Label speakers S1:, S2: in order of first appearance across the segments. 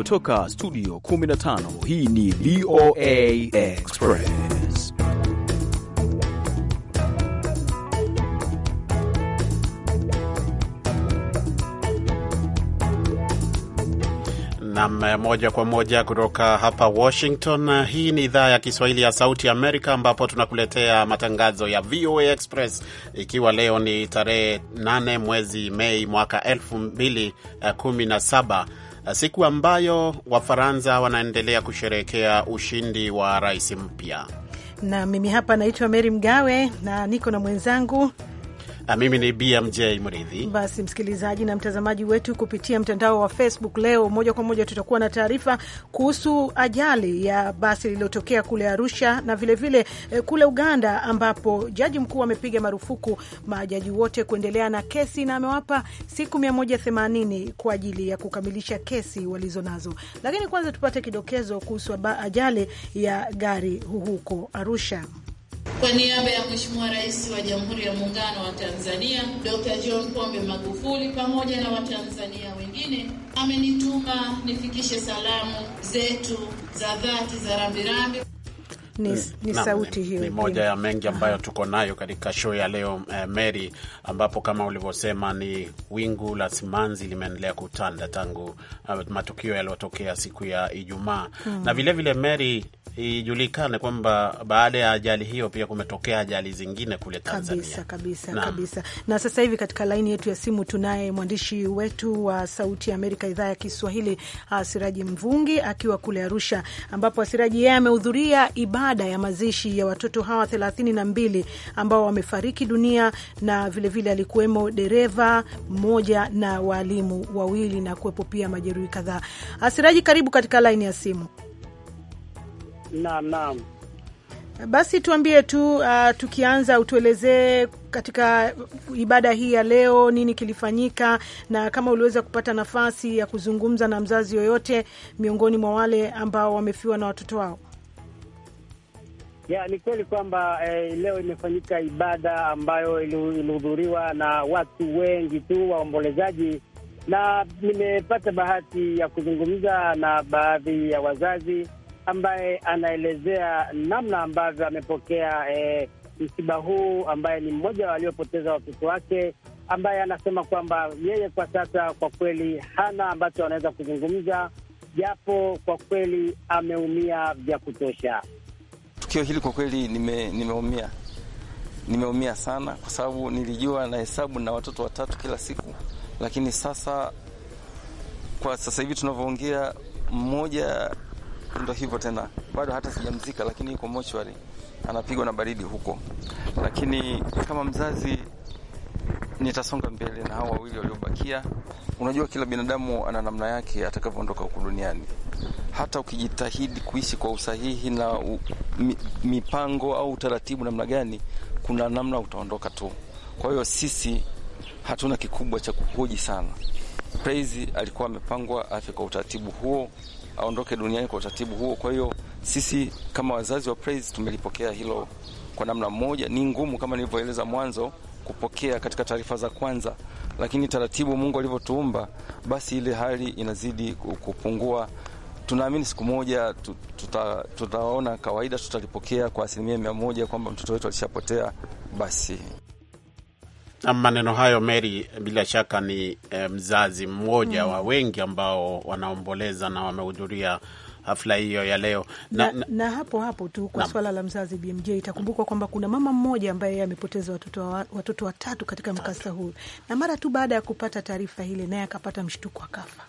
S1: kutoka studio 15
S2: hii ni VOA Express
S1: nam moja kwa moja kutoka hapa Washington. Hii ni idhaa ya Kiswahili ya Sauti Amerika, ambapo tunakuletea matangazo ya VOA Express, ikiwa leo ni tarehe 8 mwezi Mei mwaka 2017 Eh, siku ambayo Wafaransa wanaendelea kusherehekea ushindi wa rais mpya.
S3: Na mimi hapa naitwa Meri Mgawe na niko na mwenzangu
S1: mimi ni BMJ Mridhi.
S3: Basi msikilizaji na mtazamaji wetu kupitia mtandao wa Facebook, leo moja kwa moja tutakuwa na taarifa kuhusu ajali ya basi lililotokea kule Arusha na vilevile vile eh, kule Uganda, ambapo jaji mkuu amepiga marufuku majaji wote kuendelea na kesi na amewapa siku 180 kwa ajili ya kukamilisha kesi walizo nazo Lakini kwanza tupate kidokezo kuhusu ajali ya gari huko Arusha.
S4: Kwa niaba ya Mheshimiwa Rais wa Jamhuri ya Muungano wa Tanzania Dr. John Pombe Magufuli pamoja na Watanzania wengine, amenituma nifikishe salamu zetu za dhati za rambirambi ni, eh,
S1: ni na, sauti hiyo ni moja ya mengi ambayo tuko nayo katika show ya leo eh, Mary, ambapo kama ulivyosema ni wingu la simanzi limeendelea kutanda tangu uh, matukio yaliyotokea siku ya Ijumaa hmm. Na vilevile vile Mary, ijulikane kwamba baada ya ajali hiyo pia kumetokea ajali zingine kule Tanzania kabisa,
S3: kabisa, na, kabisa. Na sasa hivi katika laini yetu ya simu tunaye mwandishi wetu wa Sauti ya Amerika idhaa ya Kiswahili uh, Siraji Mvungi akiwa kule Arusha ambapo Siraji yeye amehudhuria ibada baada ya mazishi ya watoto hawa 32 ambao wamefariki dunia na vilevile alikuwemo dereva mmoja na waalimu wawili na kuwepo pia majeruhi kadhaa. Asiraji, karibu katika laini ya simu. Naam, naam. Basi tuambie tu uh, tukianza utuelezee katika ibada hii ya leo nini kilifanyika, na kama uliweza kupata nafasi ya kuzungumza na mzazi yoyote miongoni mwa wale ambao wamefiwa na watoto wao.
S5: Ya, ni kweli kwamba eh, leo imefanyika ibada ambayo ilihudhuriwa na watu wengi tu waombolezaji, na nimepata bahati ya kuzungumza na baadhi ya wazazi ambaye anaelezea namna ambavyo amepokea eh, msiba huu, ambaye ni mmoja waliopoteza watoto wake, ambaye anasema kwamba yeye kwa sasa kwa kweli hana ambacho anaweza kuzungumza, japo kwa kweli ameumia vya kutosha
S6: tukio hili kwa kweli nime, nimeumia nimeumia sana, kwa sababu nilijua na hesabu na watoto watatu kila siku, lakini sasa kwa sasa hivi tunavyoongea mmoja ndo hivyo tena, bado hata sijamzika, lakini yuko mochwari anapigwa na baridi huko, lakini kama mzazi nitasonga mbele na hao wawili waliobakia. Unajua, kila binadamu ana namna yake atakavyoondoka huku duniani. Hata ukijitahidi kuishi kwa usahihi na u, mi, mipango au utaratibu namna gani, kuna namna utaondoka tu. Kwa hiyo sisi hatuna kikubwa cha kuhoji sana. Praise alikuwa amepangwa afe kwa utaratibu huo, aondoke duniani kwa utaratibu huo. Kwa hiyo sisi kama wazazi wa Praise tumelipokea hilo kwa namna moja. Ni ngumu kama nilivyoeleza mwanzo kupokea katika taarifa za kwanza, lakini taratibu Mungu alivyotuumba, basi ile hali inazidi kupungua. Tunaamini siku moja tuta, tutaona kawaida, tutalipokea kwa asilimia mia moja kwamba mtoto wetu alishapotea. Basi
S1: maneno hayo Mary, bila shaka ni eh, mzazi mmoja mm, wa wengi ambao wanaomboleza na wamehudhuria hafla hiyo ya leo na, na,
S3: na hapo hapo tu kwa swala la mzazi BMJ, itakumbukwa kwamba kuna mama mmoja ambaye yeye amepoteza watoto watoto watatu katika mkasa huu, na mara tu baada ya kupata taarifa ile naye akapata mshtuko akafa.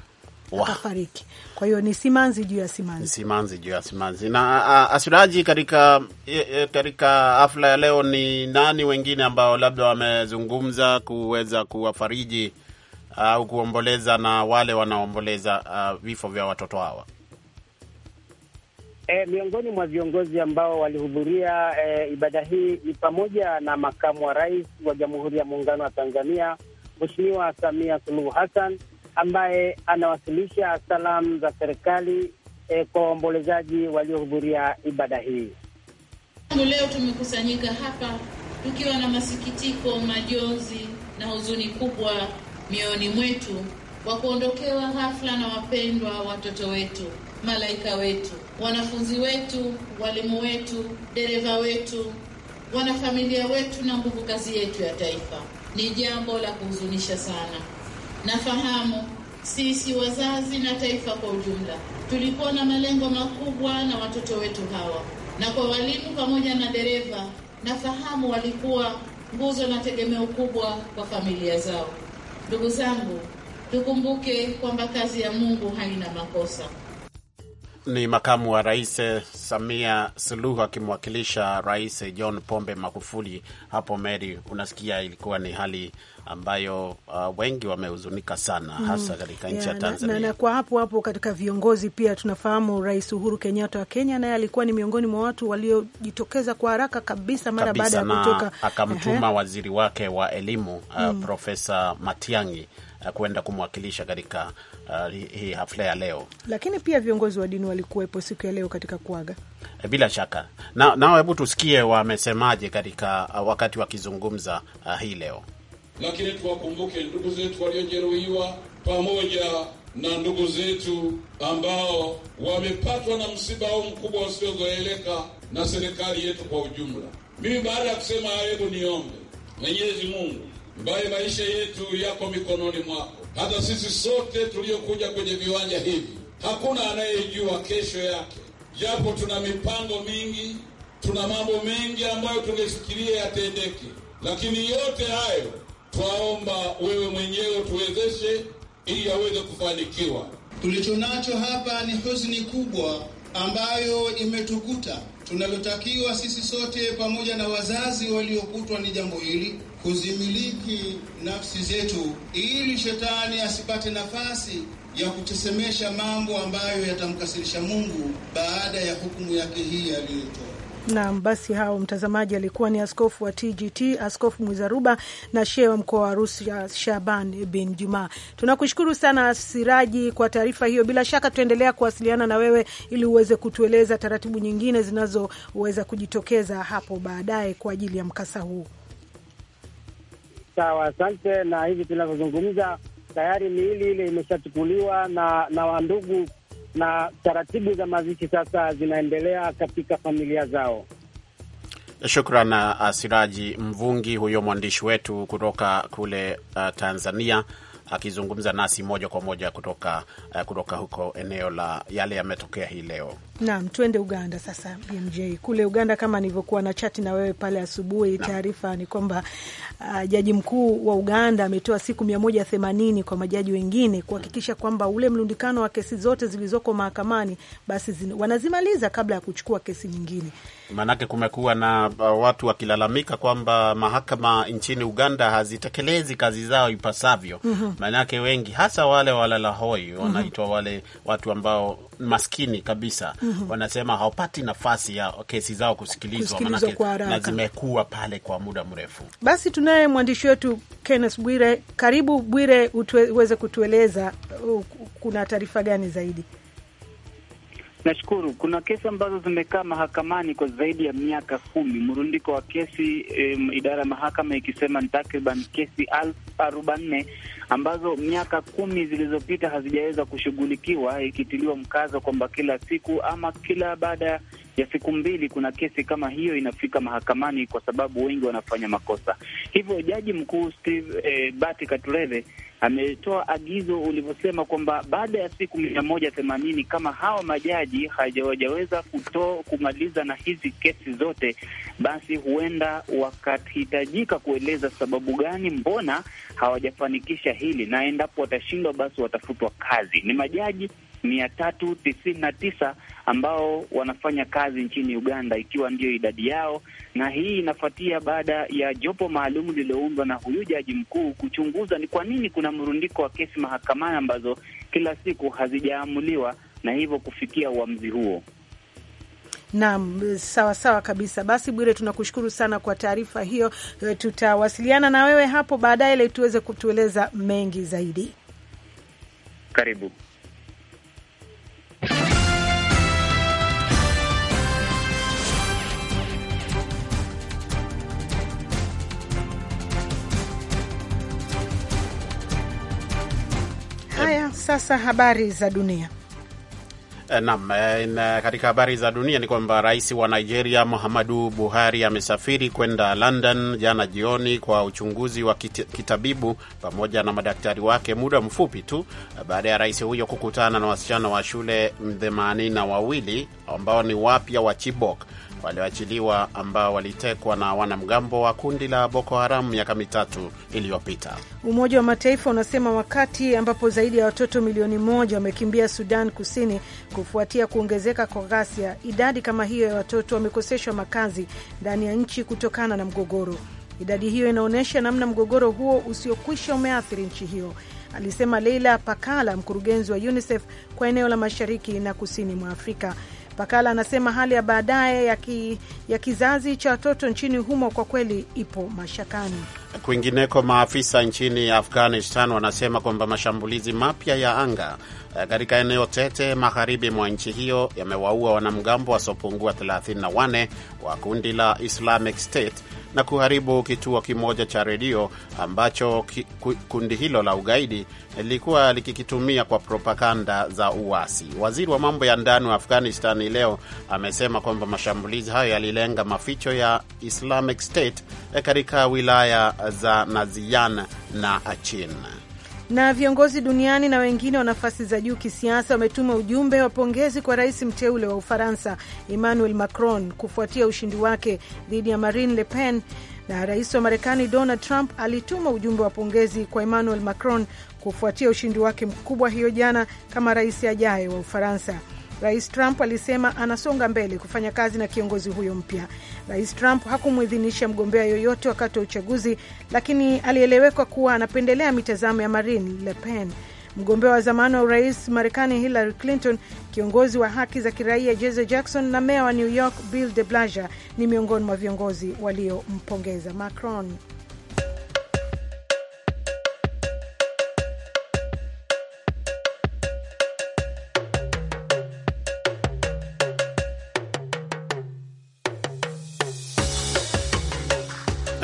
S3: Wow. Akafariki. Kwa hiyo ni simanzi juu ya simanzi,
S1: simanzi juu ya simanzi. Na Asiraji, katika e, e, katika hafla ya leo ni nani wengine ambao labda wamezungumza kuweza kuwafariji au uh, kuomboleza na wale wanaomboleza uh, vifo vya watoto hawa?
S5: E, miongoni mwa viongozi ambao walihudhuria e, ibada hii ni pamoja na makamu wa rais wa Jamhuri ya Muungano wa Tanzania Mheshimiwa Samia Suluhu Hassan ambaye anawasilisha salamu za serikali e, kwa waombolezaji waliohudhuria ibada hii.
S4: Leo tumekusanyika hapa tukiwa na masikitiko, majonzi na huzuni kubwa mioyoni mwetu kwa kuondokewa ghafla na wapendwa watoto wetu, malaika wetu wanafunzi wetu, walimu wetu, dereva wetu, wanafamilia wetu na nguvu kazi yetu ya taifa. Ni jambo la kuhuzunisha sana. Nafahamu sisi wazazi na taifa kwa ujumla tulikuwa na malengo makubwa na watoto wetu hawa, na kwa walimu pamoja na dereva, nafahamu walikuwa nguzo na tegemeo kubwa kwa familia zao. Ndugu zangu, tukumbuke kwamba kazi ya Mungu haina makosa.
S1: Ni makamu wa rais eh, Samia Suluhu akimwakilisha Rais eh, John Pombe Magufuli. Hapo Meri. unasikia ilikuwa ni hali ambayo uh, wengi wamehuzunika sana
S3: mm. hasa katika nchi ya Tanzania na, na, na kwa hapo hapo katika viongozi pia tunafahamu Rais Uhuru Kenyatta wa Kenya naye alikuwa ni miongoni mwa watu waliojitokeza kwa haraka kabisa mara baada ya kutoka, akamtuma
S1: waziri wake wa elimu uh, mm. Profesa Matiang'i Eh, kwenda kumwakilisha katika uh, hii hafla ya leo.
S3: Lakini pia viongozi wa dini walikuwepo siku ya leo katika kuaga,
S1: eh, bila shaka nao na, hebu tusikie wamesemaje katika uh, wakati wakizungumza uh, hii leo.
S6: Lakini tuwakumbuke ndugu zetu waliojeruhiwa pamoja na ndugu zetu ambao wamepatwa na msiba huu mkubwa usiozoeleka na serikali yetu kwa ujumla. Mimi baada ya kusema hayo, hebu niombe Mwenyezi Mungu ambaye maisha yetu yako mikononi mwako. Hata sisi sote tuliokuja kwenye viwanja hivi, hakuna anayejua kesho yake, japo tuna mipango mingi, tuna mambo mengi ambayo tungefikiria yatendeke, lakini yote hayo twaomba wewe mwenyewe tuwezeshe, ili yaweze kufanikiwa. Tulichonacho
S1: hapa ni huzuni kubwa ambayo imetukuta. Tunalotakiwa sisi sote pamoja na wazazi waliokutwa ni jambo hili kuzimiliki nafsi zetu ili shetani asipate nafasi ya kutesemesha mambo ambayo yatamkasirisha Mungu baada ya hukumu yake hii aliyoitoa.
S3: Naam, basi hao mtazamaji, alikuwa ni askofu wa TGT Askofu Mwizaruba na shehe wa mkoa wa Arusha Shaban bin Juma. Tunakushukuru sana Siraji kwa taarifa hiyo. Bila shaka tutaendelea kuwasiliana na wewe ili uweze kutueleza taratibu nyingine zinazoweza kujitokeza hapo baadaye kwa ajili ya mkasa huu.
S5: Sawa, asante. Na hivi tunavyozungumza tayari miili ile imeshachukuliwa na na wandugu, na taratibu za mazishi sasa zinaendelea katika familia zao.
S1: Shukran uh, Siraji Mvungi, huyo mwandishi wetu kutoka kule uh, Tanzania akizungumza nasi moja kwa moja kutoka, uh, kutoka huko eneo la yale yametokea hii leo.
S2: Naam,
S3: tuende Uganda sasa BMJ. Kule Uganda kama nilivyokuwa na chati na wewe pale asubuhi, taarifa ni kwamba uh, jaji mkuu wa Uganda ametoa siku mia moja themanini kwa majaji wengine kuhakikisha kwamba ule mlundikano wa kesi zote zilizoko mahakamani basi zin, wanazimaliza kabla ya kuchukua kesi nyingine.
S1: Maanake kumekuwa na uh, watu wakilalamika kwamba mahakama nchini Uganda hazitekelezi kazi zao ipasavyo. mm -hmm. Maanake wengi hasa wale walalahoi mhm. wanaitwa mm -hmm. wale watu ambao maskini kabisa mm -hmm. wanasema hawapati nafasi ya kesi zao kusikilizwa, maanake na zimekuwa pale kwa muda mrefu.
S3: Basi tunaye mwandishi wetu Kenneth Bwire. Karibu Bwire, uweze kutueleza uh, kuna taarifa gani zaidi?
S7: Nashukuru. Kuna kesi ambazo zimekaa mahakamani kwa zaidi ya miaka kumi, mrundiko wa kesi um, idara ya mahakama ikisema ni takriban kesi elfu arobaini na nne ambazo miaka kumi zilizopita hazijaweza kushughulikiwa, ikitiliwa mkazo kwamba kila siku ama kila baada ya ya siku mbili kuna kesi kama hiyo inafika mahakamani, kwa sababu wengi wanafanya makosa. Hivyo jaji mkuu Steve eh, Bati Katureve ametoa agizo ulivyosema kwamba baada ya siku mia moja themanini kama hawa majaji hawajaweza kutoa kumaliza na hizi kesi zote, basi huenda wakahitajika kueleza sababu gani, mbona hawajafanikisha hili, na endapo watashindwa, basi watafutwa kazi. Ni majaji mia tatu tisini na tisa ambao wanafanya kazi nchini Uganda, ikiwa ndiyo idadi yao, na hii inafuatia baada ya jopo maalum lililoundwa na huyu jaji mkuu kuchunguza ni kwa nini kuna mrundiko wa kesi mahakamani ambazo kila siku hazijaamuliwa na hivyo kufikia uamuzi huo.
S3: Naam, sawa sawa kabisa. Basi Bwire, tunakushukuru sana kwa taarifa hiyo. Eh, tutawasiliana na wewe hapo baadaye ili tuweze kutueleza mengi zaidi. Karibu. sasa habari za dunia.
S1: Eh, naam, eh, katika habari za dunia ni kwamba rais wa Nigeria Muhammadu Buhari amesafiri kwenda London jana jioni kwa uchunguzi wa kitabibu pamoja na madaktari wake, muda mfupi tu eh, baada ya rais huyo kukutana na wasichana wa shule themanini na wawili ambao ni wapya wa Chibok walioachiliwa ambao walitekwa na wanamgambo wa kundi la Boko Haram miaka mitatu iliyopita.
S3: Umoja wa Mataifa unasema wakati ambapo zaidi ya watoto milioni moja wamekimbia Sudan Kusini kufuatia kuongezeka kwa ghasia, idadi kama hiyo ya watoto wamekoseshwa makazi ndani ya nchi kutokana na mgogoro. Idadi hiyo inaonyesha namna mgogoro huo usiokwisha umeathiri nchi hiyo, alisema Leila Pakala, mkurugenzi wa UNICEF kwa eneo la mashariki na kusini mwa Afrika bakala anasema hali ya baadaye ya, ki, ya kizazi cha watoto nchini humo kwa kweli ipo mashakani.
S1: Kwingineko, maafisa nchini Afghanistan wanasema kwamba mashambulizi mapya ya anga eh, katika eneo tete magharibi mwa nchi hiyo yamewaua wanamgambo wasiopungua 34 wa kundi la Islamic State na kuharibu kituo kimoja cha redio ambacho kundi hilo la ugaidi lilikuwa likikitumia kwa propaganda za uasi. Waziri wa mambo ya ndani wa Afghanistan leo amesema kwamba mashambulizi hayo yalilenga maficho ya Islamic State eh, katika wilaya za Nazian na Achin.
S3: Na viongozi duniani na wengine wa nafasi za juu kisiasa wametuma ujumbe wa pongezi kwa rais mteule wa Ufaransa Emmanuel Macron kufuatia ushindi wake dhidi ya Marine Le Pen. Na rais wa Marekani Donald Trump alituma ujumbe wa pongezi kwa Emmanuel Macron kufuatia ushindi wake mkubwa hiyo jana kama rais ajaye wa Ufaransa. Rais Trump alisema anasonga mbele kufanya kazi na kiongozi huyo mpya. Rais Trump hakumwidhinisha mgombea yoyote wakati wa uchaguzi, lakini alielewekwa kuwa anapendelea mitazamo ya Marine Le Pen. Mgombea wa zamani wa urais Marekani Hillary Clinton, kiongozi wa haki za kiraia Jesse Jackson na meya wa New York Bill de Blasio ni miongoni mwa viongozi waliompongeza Macron.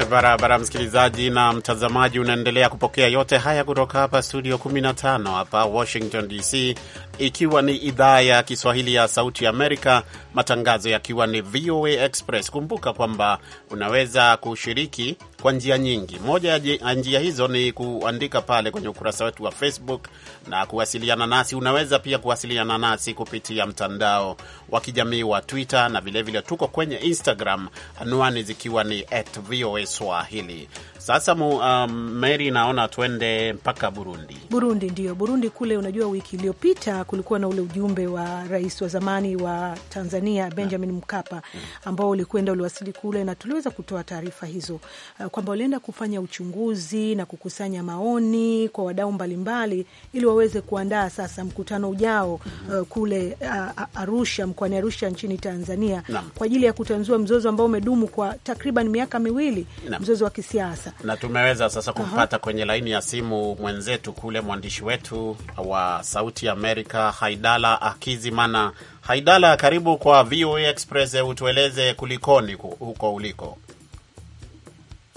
S1: barabara, msikilizaji na mtazamaji, unaendelea kupokea yote haya kutoka hapa studio 15 hapa Washington DC, ikiwa ni idhaa ya Kiswahili ya Sauti Amerika, matangazo yakiwa ni VOA Express. Kumbuka kwamba unaweza kushiriki kwa njia nyingi. Moja ya njia hizo ni kuandika pale kwenye ukurasa wetu wa Facebook na kuwasiliana nasi. Unaweza pia kuwasiliana nasi kupitia mtandao wa kijamii wa Twitter na vilevile vile tuko kwenye Instagram, anwani zikiwa ni at VOA Swahili. Sasa mu, um, Mary naona twende mpaka Burundi.
S3: Burundi ndio Burundi kule, unajua wiki iliyopita kulikuwa na ule ujumbe wa rais wa zamani wa Tanzania Benjamin yeah. Mkapa mm-hmm. ambao ulikwenda uliwasili kule, na tuliweza kutoa taarifa hizo uh, kwamba walienda kufanya uchunguzi na kukusanya maoni kwa wadau mbalimbali ili waweze kuandaa sasa mkutano ujao mm-hmm. uh, kule uh, Arusha, mkoani Arusha nchini Tanzania na, kwa ajili ya kutanzua mzozo ambao umedumu kwa takriban miaka miwili na, mzozo wa kisiasa
S1: na tumeweza sasa kumpata uh -huh. kwenye laini ya simu mwenzetu kule, mwandishi wetu wa Sauti Amerika Haidala Akizimana. Haidala, karibu kwa VOA Express, utueleze kulikoni huko uliko.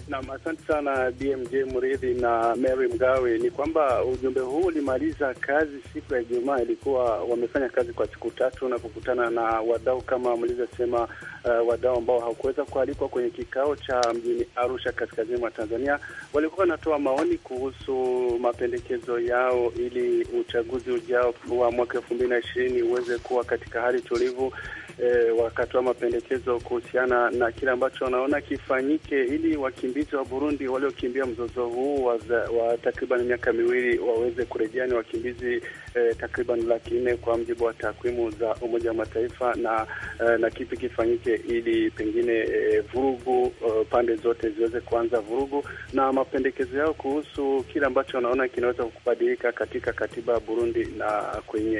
S8: Nam, asante sana BMJ Mridhi na Mary Mgawe. Ni kwamba ujumbe huu ulimaliza kazi siku ya Ijumaa, ilikuwa wamefanya kazi kwa siku tatu na kukutana na wadau kama mlivyosema uh, wadau ambao hawakuweza kualikwa kwenye kikao cha mjini Arusha, kaskazini mwa Tanzania, walikuwa wanatoa maoni kuhusu mapendekezo yao ili uchaguzi ujao wa mwaka elfu mbili na ishirini uweze kuwa katika hali tulivu. E, wakatoa mapendekezo kuhusiana na kile ambacho wanaona kifanyike ili wakimbizi wa Burundi waliokimbia mzozo huu wa, wa takriban miaka miwili waweze kurejea, ni wakimbizi eh, takriban laki nne kwa mjibu wa takwimu za Umoja wa Mataifa, na eh, na kipi kifanyike ili pengine eh, vurugu eh, pande zote ziweze kuanza vurugu, na mapendekezo yao kuhusu kile ambacho wanaona kinaweza kubadilika katika katiba ya Burundi na kwenye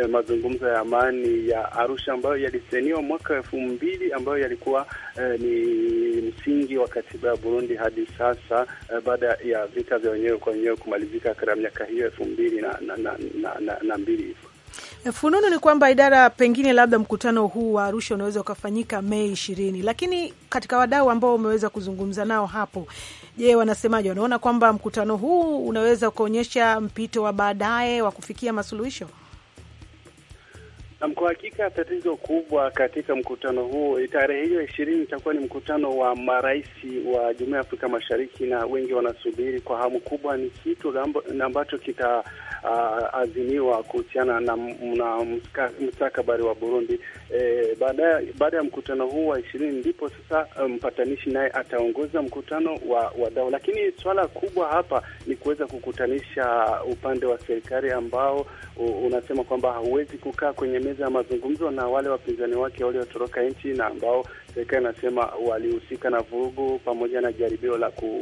S8: eh, mazungumzo ya amani ya Arusha ambayo yalisainiwa mwaka elfu mbili ambayo yalikuwa eh, ni msingi wa katiba ya Burundi hadi sasa eh, baada ya vita vya wenyewe kwa wenyewe kumalizika katika miaka hiyo elfu mbili na, na, na, na na, na, mbili hivyo.
S3: Fununu ni kwamba idara pengine labda mkutano huu wa Arusha unaweza ukafanyika Mei ishirini, lakini katika wadau ambao umeweza kuzungumza nao hapo, je, wanasemaje? Wanaona kwamba mkutano huu unaweza ukaonyesha mpito wa baadaye wa kufikia masuluhisho?
S8: Kwa hakika tatizo kubwa katika mkutano huo, tarehe hiyo ishirini itakuwa ni mkutano wa marais wa Jumuiya ya Afrika Mashariki, na wengi wanasubiri kwa hamu kubwa ni kitu ambacho kita uh, azimiwa kuhusiana na, na wa Burundi. E, baada ya mkutano huu wa ishirini ndipo sasa uh, mpatanishi um, naye ataongoza mkutano wa wadau, lakini swala kubwa hapa ni kuweza kukutanisha upande wa serikali ambao unasema kwamba hauwezi kukaa kwenye meza ya mazungumzo na wale wapinzani wake waliotoroka nchi na ambao Serikali inasema walihusika na vurugu pamoja na jaribio la, ku,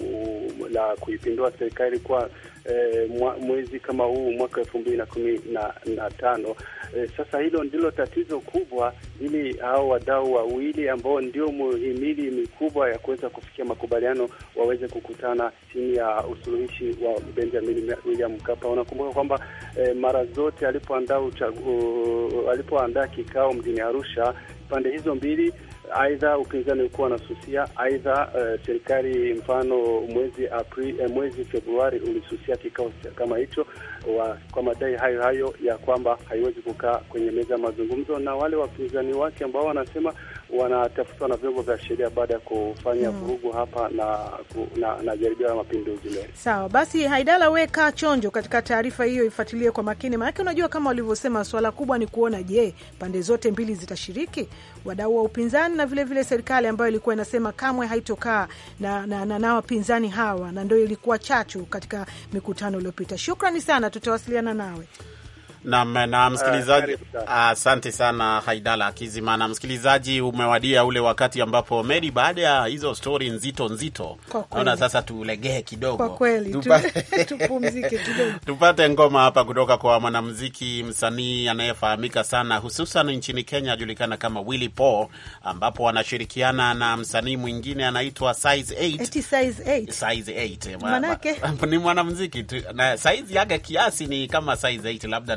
S8: la kuipindua serikali kwa eh, mwezi kama huu mwaka elfu mbili na kumi na, na tano. Eh, sasa hilo ndilo tatizo kubwa, ili hao wadau wawili ambao ndio muhimili mikubwa ya kuweza kufikia makubaliano waweze kukutana chini ya usuluhishi wa Benjamin William Mkapa. Unakumbuka kwamba eh, mara zote alipoandaa uh, alipoandaa kikao mjini Arusha, pande hizo mbili aidha upinzani ukuwa wanasusia, aidha uh, serikali mfano mwezi Aprili, eh, mwezi Februari ulisusia kikao kama hicho kwa madai hayo hayo ya kwamba haiwezi kukaa kwenye meza ya mazungumzo, na wale wapinzani wake ambao wanasema wanatafutwa na vyombo vya sheria baada ya kufanya hmm. vurugu mm, hapa na, na, na jaribio la mapinduzi leo.
S3: Sawa basi, Haidala, we kaa chonjo katika taarifa hiyo, ifuatilie kwa makini, maanake unajua kama walivyosema, swala kubwa ni kuona, je, pande zote mbili zitashiriki, wadau wa upinzani na vilevile vile serikali ambayo ilikuwa inasema kamwe haitokaa na, na, na, na wapinzani hawa, na ndo ilikuwa chachu katika mikutano iliyopita. Shukrani sana, tutawasiliana
S2: nawe.
S1: Na, na ah, msikilizaji, ah, asante sana Haidala kizimana Na msikilizaji, umewadia ule wakati ambapo Mary, baada ya hizo stori nzito nzito, naona sasa tulegee kidogo tupate, ngoma hapa kutoka kwa mwanamuziki msanii anayefahamika sana hususan nchini Kenya ajulikana kama Willy Paul, ambapo anashirikiana na msanii mwingine anaitwa Size 8. Size 8. Eh, ni mwanamuziki tu na size yake kiasi ni kama Size 8 labda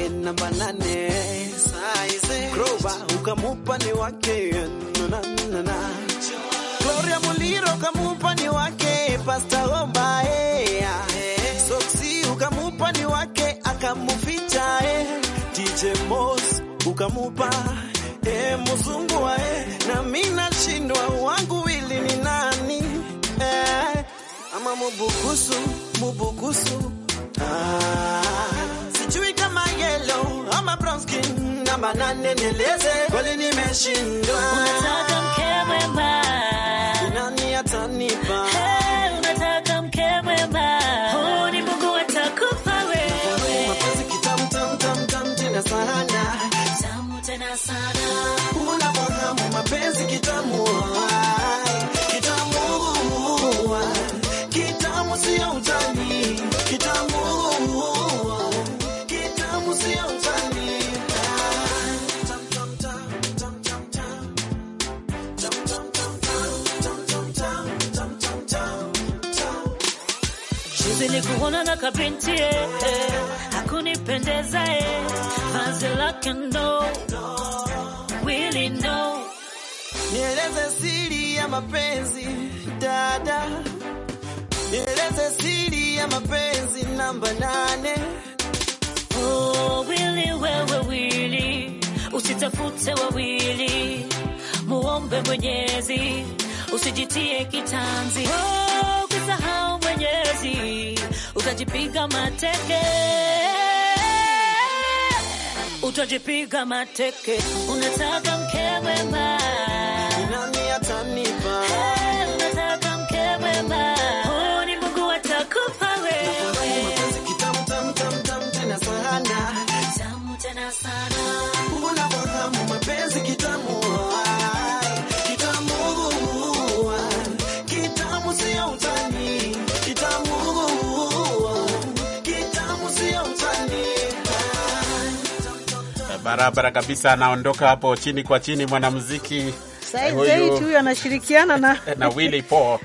S2: namba nane size Grover ukamupa ni wake na na na Gloria Muliro ukamupa ni wake Pasta Omba eh, eh. Soxy ukamupa ni wake akamuficha eh DJ Moss ukamupa eh mzungu wa eh na mimi nashindwa wangu wili ni nani eh ama mubukusu mubukusu ah yellow ama brown skin, namba nane nieleze kweli nimeshindwa. Unataka mke mwema, nani atanipa? Hey, unataka mke mwema, huu ni Mungu atakupa wewe. kitamu tam tena sana. Tamu tena sana. Unafahamu mapenzi kitamu kitamu kitamu sio utani
S9: Nilikuona na kabinti eh, hakunipendeza eh,
S2: vazi lake no, wili no. Nieleze siri ya mapenzi dada, nieleze siri ya mapenzi namba nane. Oh, wili wewe wili, usitafute wawili, muombe Mwenyezi usijitie kitanzi oh, ukajisahau
S9: mwenyezi, utajipiga mateke, utajipiga mateke, unataka mke mwema
S1: Barabara kabisa, anaondoka hapo chini kwa chini mwanamuziki
S3: huyu anashirikiana na na Willy Paul.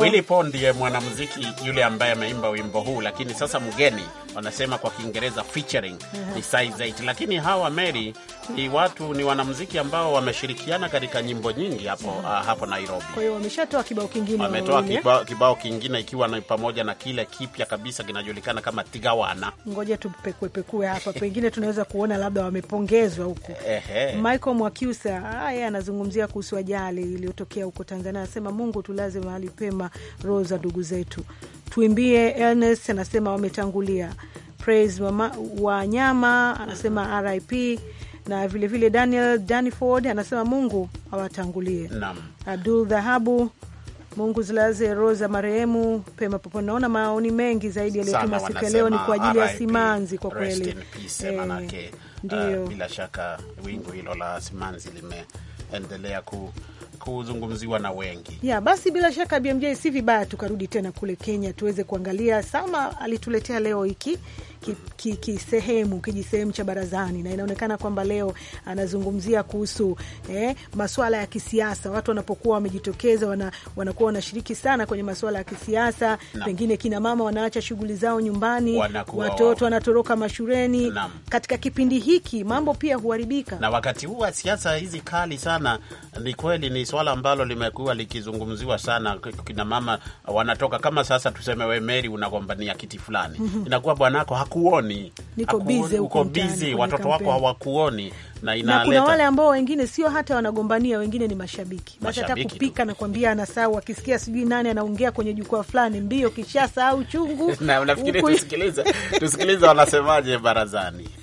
S3: Willy
S1: Paul ndiye mwanamuziki yule ambaye ameimba wimbo huu, lakini sasa mgeni wanasema kwa Kiingereza featuring ni Size 8, lakini hawa Mary ni watu ni wanamuziki ambao wameshirikiana katika nyimbo nyingi hapo, mm -hmm. uh, hapo Nairobi. Kwa
S3: hiyo wameshatoa kibao kingine, wametoa eh? kibao,
S1: kibao kingine ikiwa ni pamoja na kile kipya kabisa kinajulikana kama Tigawana.
S3: Ngoja tupekue pekue hapa pengine tunaweza kuona labda wamepongezwa huko. Ehe. Michael Mwakiusa haya ah, anazungumzia kuhusu ajali iliyotokea huko Tanzania, anasema Mungu tulaze mahali pema roho za ndugu zetu Tuimbie Ernest anasema wametangulia. Praise Wanyama anasema RIP na vilevile vile Daniel Daniford anasema Mungu awatangulie. Abdul Dhahabu, Mungu zilaze roho za marehemu pema popo. Naona maoni mengi zaidi yaliyotuma siku ya leo ni kwa ajili ya simanzi kwa kweli, eh,
S1: eh, ndio. Uh, bila shaka wingu hilo la simanzi limeendelea ku kuzungumziwa na wengi
S3: ya. Basi bila shaka BMJ, si vibaya tukarudi tena kule Kenya tuweze kuangalia Sama alituletea leo hiki kisehemu ki, ki kijisehemu cha barazani, na inaonekana kwamba leo anazungumzia kuhusu eh, maswala ya kisiasa. Watu wanapokuwa wamejitokeza wana, wanakuwa wanashiriki sana kwenye masuala ya kisiasa na, pengine kina mama wanaacha shughuli zao nyumbani, wanakuwa watoto wanatoroka mashuleni na, katika kipindi hiki mambo pia huharibika,
S1: na wakati huu wa siasa hizi kali sana, ni kweli ni swala ambalo limekuwa likizungumziwa sana. Kina mama wanatoka kama sasa, tuseme we Meri unagombania kiti fulani, mhm. inakuwa bwanako hakuoni,
S3: niko bize, uko bize, watoto wako
S1: hawakuoni na inaleta. Kuna wale
S3: ambao wengine sio hata wanagombania, wengine ni mashabiki, basi hata kupika na kuambia anasahau, akisikia sijui nani anaongea kwenye jukwaa fulani, mbio kishasahau chungu. Na tusikilize,
S1: tusikilize wanasemaje barazani.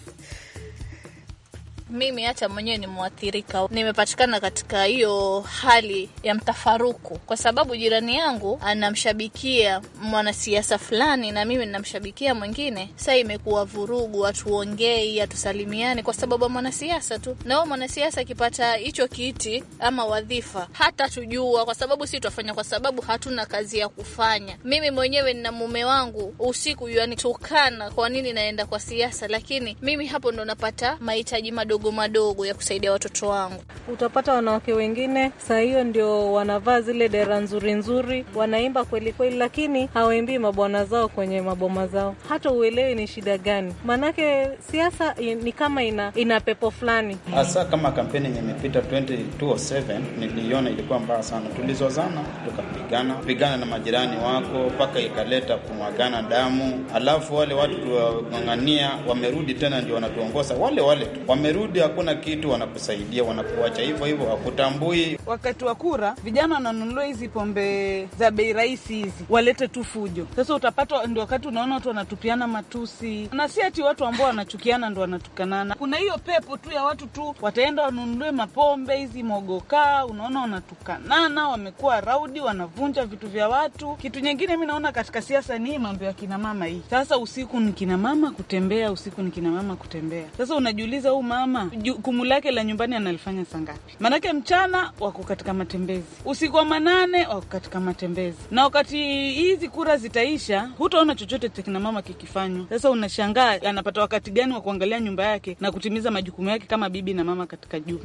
S4: Mimi hata mwenyewe ni mwathirika, nimepatikana katika hiyo hali ya mtafaruku, kwa sababu jirani yangu anamshabikia mwanasiasa fulani na mimi ninamshabikia mwingine. Sasa imekuwa vurugu, hatuongei, hatusalimiani kwa sababu ya mwanasiasa tu, na huyo mwanasiasa akipata hicho kiti ama wadhifa hata tujua, kwa sababu si twafanya, kwa sababu hatuna kazi ya kufanya. Mimi mwenyewe nina mume wangu, usiku yani tukana, kwa nini naenda kwa siasa? Lakini mimi hapo ndo napata mahitaji madogo madogo madogo ya kusaidia watoto wangu. Utapata wanawake wengine saa hiyo ndio wanavaa zile dera nzuri nzuri, wanaimba kweli kweli, lakini hawaimbii
S9: mabwana zao kwenye maboma zao, hata uelewi ni shida gani. Maanake siasa ni kama ina, ina pepo fulani,
S1: hasa kama kampeni yenye imepita 7 niliona ilikuwa mbaya sana. Tulizozana, tukapigana pigana na majirani wako mpaka ikaleta kumwagana damu, alafu wale watu tuwang'ang'ania wamerudi tena ndio wanatuongoza wale wale tu wamerudi ukirudi hakuna kitu wanakusaidia, wanakuacha hivyo hivyo, hakutambui.
S9: Wakati wa kura vijana wananunua hizi pombe za bei rahisi hizi, walete tu fujo. Sasa utapata ndio wakati unaona watu wanatupiana matusi, na si ati watu ambao wanachukiana ndo wanatukanana. Kuna hiyo pepo tu ya watu tu wataenda wanunulie mapombe hizi mogokaa, unaona wanatukanana, wamekuwa raudi, wanavunja vitu vya watu. Kitu nyingine mi naona katika siasa ni mambo ya kinamama hii. Sasa usiku ni kinamama kutembea, usiku ni kinamama kutembea. Sasa unajiuliza huu mama mzima jukumu lake la nyumbani analifanya saa ngapi? Maanake mchana wako katika matembezi, usiku wa manane wako katika matembezi, na wakati hizi kura zitaisha, hutaona chochote cha mama kikifanywa. Sasa unashangaa anapata wakati gani wa kuangalia nyumba yake na kutimiza majukumu yake kama bibi na mama katika jumba.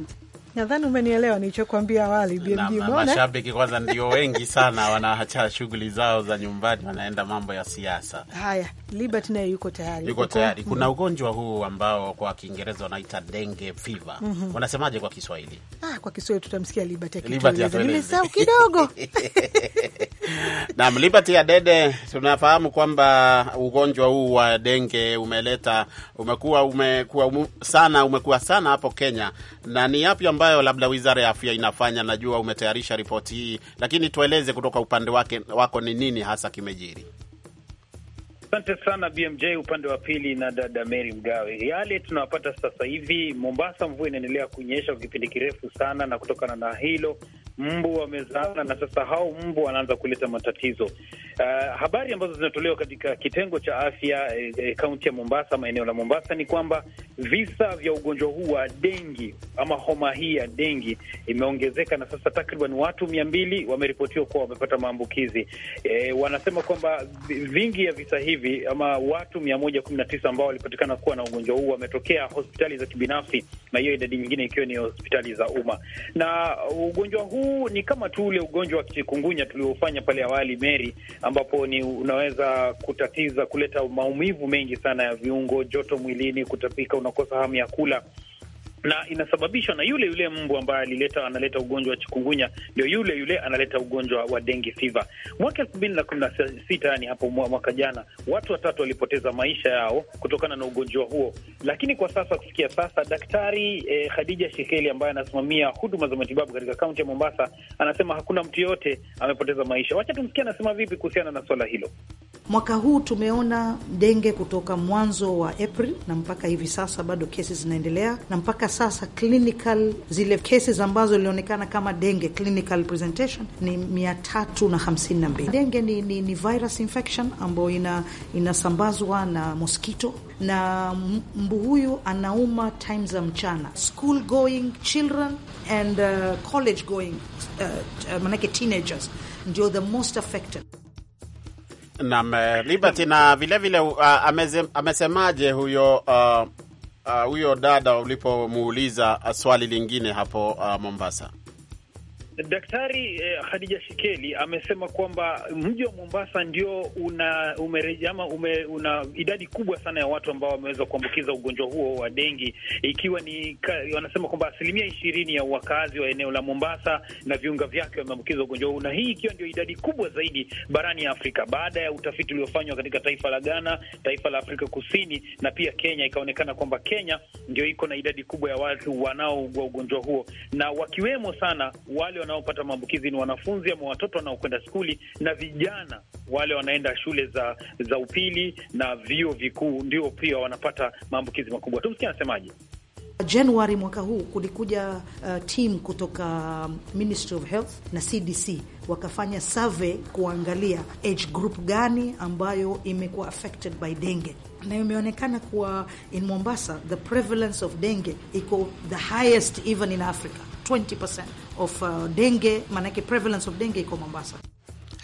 S3: Nadhani umenielewa nilichokuambia awali. Mashabiki
S1: kwanza ndio wengi sana wanaacha shughuli zao za nyumbani, wanaenda mambo ya siasa.
S3: Haya, Liberty naye yuko tayari, yuko tayari. Kuna mm.
S1: ugonjwa huu ambao kwa Kiingereza wanaita denge fever, wanasemaje mhm. kwa Kiswahili?
S3: Ah, kwa Kiswahili tutamsikia Liberty akitueleza, nimesahau kidogo.
S1: Naam, Liberty ya Dede, tunafahamu kwamba ugonjwa huu wa denge umeleta umekuwa umekuwa sana umekuwa sana hapo Kenya, na ni yapi ambayo ambayo labda wizara ya afya inafanya? Najua umetayarisha ripoti hii, lakini tueleze kutoka upande wake, wako ni nini hasa kimejiri?
S10: Asante sana BMJ upande wa pili na dada Mary Mgawe. Yale tunawapata sasa hivi Mombasa, mvua inaendelea kunyesha kwa kipindi kirefu sana, na kutokana na hilo mbu wamezaana, na sasa hao mbu wanaanza kuleta matatizo. Uh, habari ambazo zinatolewa katika kitengo cha afya e, kaunti ya Mombasa ama eneo la Mombasa ni kwamba visa vya ugonjwa huu wa dengi ama homa hii ya dengi imeongezeka na sasa takriban watu mia mbili wameripotiwa kuwa wamepata maambukizi. E, wanasema kwamba vingi ya visa hivi ama watu mia moja kumi na tisa ambao walipatikana kuwa na ugonjwa huu wametokea hospitali za kibinafsi na hiyo idadi nyingine ikiwa ni hospitali za umma. Na ugonjwa huu ni kama tu ule ugonjwa wa chikungunya tuliofanya pale awali Meri ambapo ni unaweza kutatiza kuleta maumivu mengi sana ya viungo, joto mwilini, kutapika, unakosa hamu ya kula na inasababishwa na yule yule mbu ambaye alileta analeta ugonjwa wa chikungunya, ndio yule yule analeta ugonjwa wa dengue fever. Mwaka elfu mbili na kumi na sita yani hapo mwaka jana, watu watatu walipoteza maisha yao kutokana na ugonjwa huo, lakini kwa sasa, kufikia sasa, daktari eh, Khadija Shekeli ambaye anasimamia huduma za matibabu katika kaunti ya Mombasa anasema hakuna mtu yoyote amepoteza maisha. Wacha tumsikia anasema vipi kuhusiana na swala hilo.
S11: Mwaka huu tumeona denge kutoka mwanzo wa April na mpaka hivi sasa bado kesi zinaendelea na mpaka sasa clinical zile cases ambazo ilionekana kama denge clinical presentation ni mia tatu na hamsini na mbili. Denge ni, ni, ni virus infection ambayo ina inasambazwa na mosquito na mbu huyu anauma time za mchana, school going children and uh, college going uh, uh manake teenagers ndio the most affected.
S1: Naam, eh, Liberty na vilevile vile, uh, amesemaje huyo uh, Ah, huyo uh, dada ulipomuuliza swali lingine hapo uh, Mombasa.
S10: Daktari eh, Khadija Shikeli amesema kwamba mji wa Mombasa ndio una umereja ama ume, una idadi kubwa sana ya watu ambao wameweza kuambukiza ugonjwa huo wa dengi, ikiwa ni wanasema kwamba asilimia ishirini ya wakazi wa eneo la Mombasa na viunga vyake wameambukiza ugonjwa huu, na hii ikiwa ndio idadi kubwa zaidi barani Afrika baada ya utafiti uliofanywa katika taifa la Ghana, taifa la Afrika Kusini na pia Kenya. Ikaonekana kwamba Kenya ndio iko na idadi kubwa ya watu wanaougua ugonjwa huo na wakiwemo sana wale wanaopata maambukizi ni wanafunzi ama watoto wanaokwenda skuli na vijana wale wanaenda shule za za upili na vyuo vikuu, ndio pia wanapata maambukizi makubwa. Tumsikia anasemaje.
S11: Januari mwaka huu kulikuja uh, team kutoka um, Ministry of Health na CDC wakafanya survey kuangalia age group gani ambayo imekuwa affected by denge na imeonekana kuwa in Mombasa the prevalence of denge iko the highest even in Africa. 20% of uh, dengue, manake prevalence of denge iko Mombasa.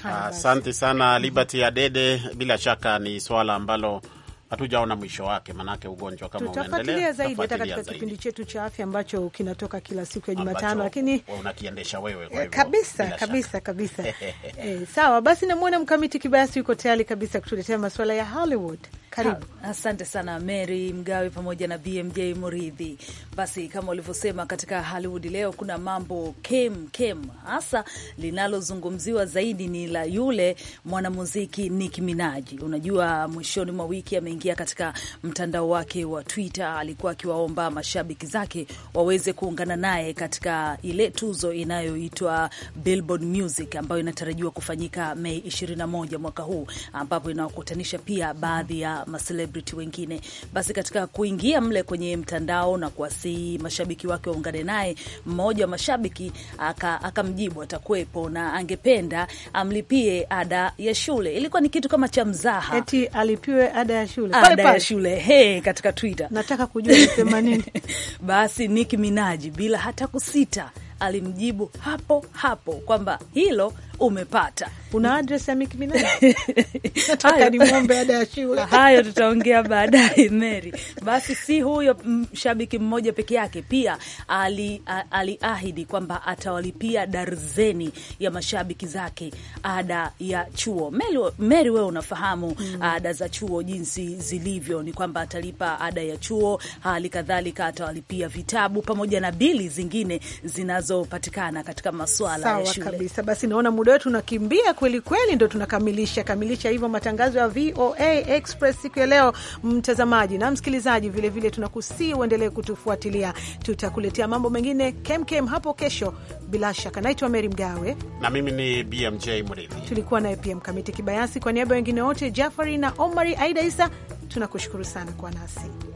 S11: Asante
S1: uh, sana Liberty Adede, bila shaka ni swala ambalo hatujaona mwisho wake, manake ugonjwa kama unaendelea. Tutafuatilia
S3: zaidi hata katika kipindi chetu cha afya ambacho kinatoka kila siku ya Jumatano, lakini
S1: unakiendesha wewe kwa eh, hivyo
S3: kabisa kabisa kabisa. Eh, sawa basi, namwona mkamiti kibayasi yuko tayari kabisa kutuletea masuala ya Hollywood. Karibu.
S9: Asante sana Mary Mgawe pamoja na BMJ Muridhi. Basi kama ulivyosema, katika Hollywood leo kuna mambo kem kem, hasa linalozungumziwa zaidi ni la yule mwanamuziki Nicki Minaj. Unajua mwishoni mwa wiki ameingia aliingia katika mtandao wake wa Twitter, alikuwa akiwaomba mashabiki zake waweze kuungana naye katika ile tuzo inayoitwa Billboard Music ambayo inatarajiwa kufanyika Mei 21 mwaka huu, ambapo inawakutanisha pia baadhi ya macelebrity wengine. Basi katika kuingia mle kwenye mtandao na kuwasihi mashabiki wake waungane naye, mmoja wa mashabiki akamjibu aka atakuwepo na angependa amlipie ada ya shule. Ilikuwa ni kitu kama cha
S3: mzaha, eti alipiwe ada ya shule ada ah, ya shule
S9: he katika Twitter nataka kujua nisema nini. Basi Nicki Minaj bila hata kusita alimjibu hapo hapo kwamba hilo umepata una adres ya Meek Minaj? ada ya shule. Hayo tutaongea baadaye Mary. Basi si huyo mshabiki mmoja peke yake, pia aliahidi ali kwamba atawalipia darzeni ya mashabiki zake ada ya chuo. Mary, wewe unafahamu mm. ada za chuo jinsi zilivyo, ni kwamba atalipa ada ya chuo, hali kadhalika atawalipia vitabu pamoja na bili zingine zinazopatikana katika maswala ya shule. Sawa kabisa.
S3: Basi naona muda wetu unakimbia kweli kweli, ndo tunakamilisha kamilisha hivyo matangazo ya VOA Express siku ya leo, mtazamaji na msikilizaji vilevile, tunakusii uendelee kutufuatilia. Tutakuletea mambo mengine kemkem hapo kesho, bila shaka. Naitwa Meri Mgawe
S1: na mimi ni BMJ Mridhi,
S3: tulikuwa naye pia Mkamiti Kibayasi. Kwa niaba wengine wote, Jafari na Omari, Aida Isa, tunakushukuru sana kwa nasi